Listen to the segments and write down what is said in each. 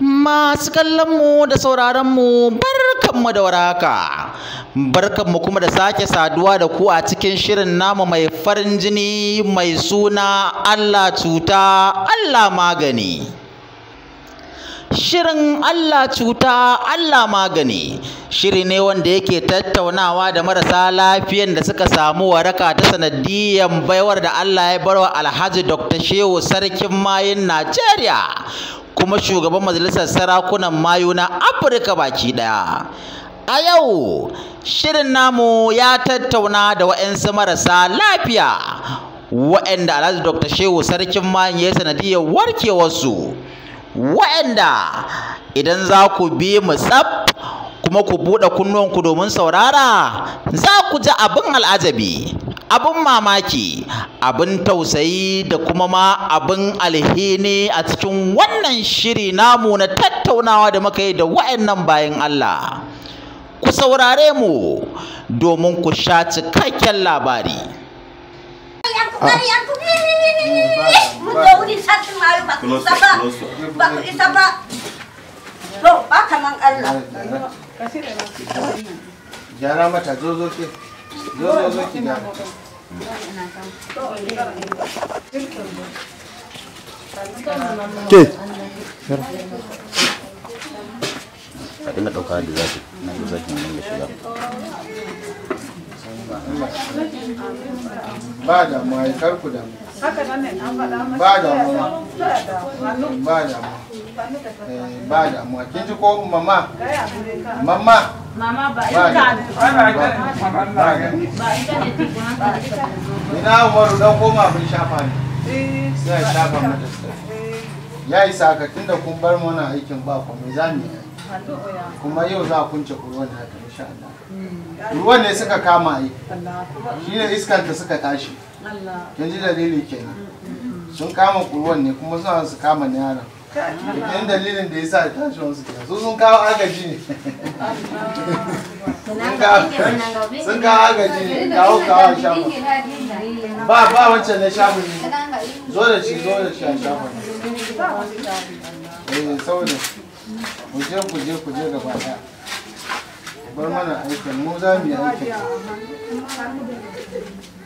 masu kallon mu da mu, sauraronmu mu da waraka barkanmu kuma da sake saduwa da ku a cikin shirin namu mai farin jini mai suna Allah cuta Allah magani shirin Allah cuta Allah magani shiri ne wanda yake tattaunawa da marasa lafiyan da suka samu waraka ta sanadiyyar baiwar da Allah ya barwa Alhaji Dr. Shehu Sarkin Mayin Najeriya kuma shugaban majalisar sarakunan mayu na Afirka baki daya a yau shirin namu ya tattauna da wa'yansu marasa lafiya wayanda alhaji dr shehu sarkin mayan ya sanadiyar warkewarsu wa'anda idan za ku bi mu tsaf kuma ku buɗe kunnuwanku domin saurara za ku ji abin al'ajabi abin mamaki abin tausayi da kuma ma abin alhini a cikin wannan shiri namu na tattaunawa da muka yi da wa'annan bayan Allah ku saurare mu domin ku sha cikakken labari mata zo ke zo a na ba da mu ai haka nan ne an faɗa ba ba ba da, damuwa kin ji ko mama mama mama ba ita ina umaru dan koma abin shafa ne sai ya shafa mata ya isa ka tunda kun bar mana aikin ba ku me za mu yi kuma yau za a kunce ruwan haka insha Allah ruwan ne suka kama ai shi ne iskanta suka tashi kin ji dalili kenan sun kama ruwan ne kuma suna su kama yaron Yan dalilin da ya sa ta shi wasu Su sun kawo agaji ne. Sun kawo agaji ne. Kawo kawo shafa. Ba ba wancan na shafa ne. Zo da shi zo da shi a shafa eh, ne. Eh saboda Ku je ku je ku je gaba daya. Bar mana aikin mu za mu yi aikin.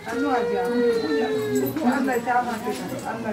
Allah ya Allah ya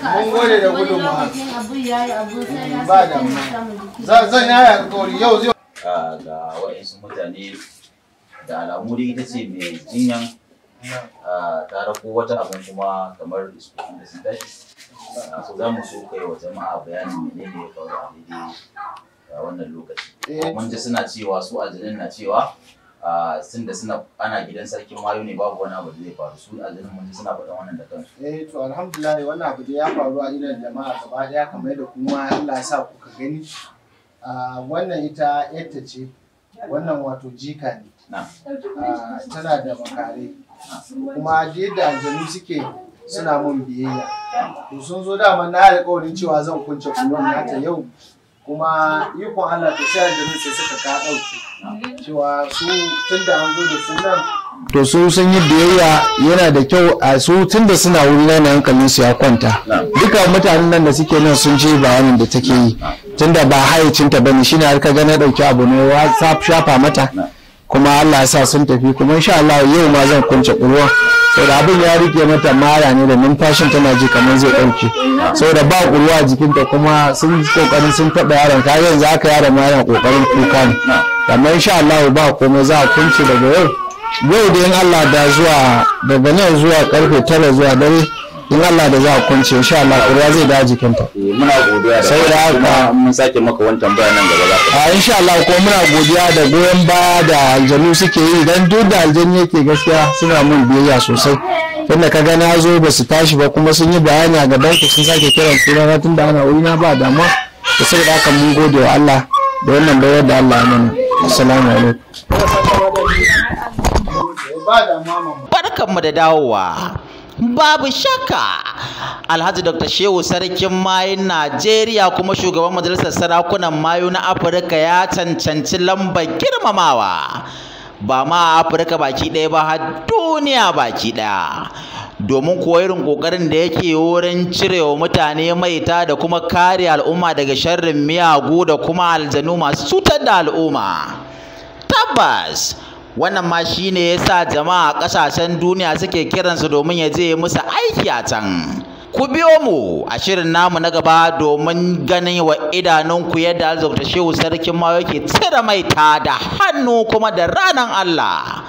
mun gode da gudunmawa ba da zan yaya alkawari yau zai ah, ga waɗansu mutane da alamu ita ce mai jinyan ah, ta rako wata abin kuma kamar iskokin da sun tashi ah, so za mu so kai wa jama'a bayanin ne ya faru a daidai wannan lokaci eh. mun ji suna cewa su aljanin na cewa sun da suna ana gidan sarkin wayo ne babu wani abu da zai faru su a zanen mutum suna faɗin wannan da kansu. eh to alhamdulillah wannan abu da ya faru a idan jama'a gaba daya kamar da kuma Allah ya sa kuka gani wannan ita yadda ce wannan wato jika ne tana da makare kuma yadda aljanu suke suna mun biyayya to sun zo dama na alƙawarin cewa zan kunce kullum nata yau kuma ikon Allah ta shayar da sai suka ka ɗauki cewa su tun an zo da su nan to su sun yi biyayya yana da kyau a su Tunda suna wuri na hankalin su ya kwanta duka mutanen nan da suke nan sun ce bayanin da take yi tunda ba hayacinta bane shine har ka ga na ɗauki abu ne wa shafa mata kuma Allah ya sa sun tafi kuma insha Allah yau ma zan kunce kurwa saboda abin ya rike mata mara ne da numfashin tana ji kamar zai dauke saboda ba kurwa a jikinta kuma sun kokarin sun taba yaron ka yanzu aka yara ma yana kokarin kuka ne amma insha Allah ba komai za a kunce daga yau yau da in Allah da zuwa daga nan zuwa karfe tara zuwa dare in Allah da za a kwance insha Allah ƙuriya zai da jikinta eh, muna godiya da sai da haka mun sake maka wani tambaya nan gaba za ka a ah, insha Allah ko muna godiya da goyon baya da aljanu suke yi dan duk da aljanu yake gaskiya suna mun biyayya sosai tunda ka ga na zo ba su tashi ba kuma sun yi bayani a gaban ku sun sake kiran tun tunda ana wuri na ba damuwa da sai da haka mun gode wa Allah da wannan bayar da Allah ya mana assalamu alaikum barkanmu da dawowa babu shakka alhaji dr shehu sarkin mayun najeriya kuma shugaban majalisar sarakunan mayu na afirka ya cancanci lambar girmamawa ba ma a afirka baki ɗaya ba har duniya baki ɗaya domin kuwa kokarin da yake wurin cirewa mutane maita da kuma kare al'umma daga sharrin miyagu da kuma aljanu masu cutar da al'umma tabbas wannan ma shi ne ya sa jama'a ƙasashen duniya suke kiransa domin ya je musu aiki a can ku biyo mu a shirin namu na gaba domin ganin wa idanunku yadda azabta shehu sarkin ma yake cire mai ta da hannu kuma da ranan Allah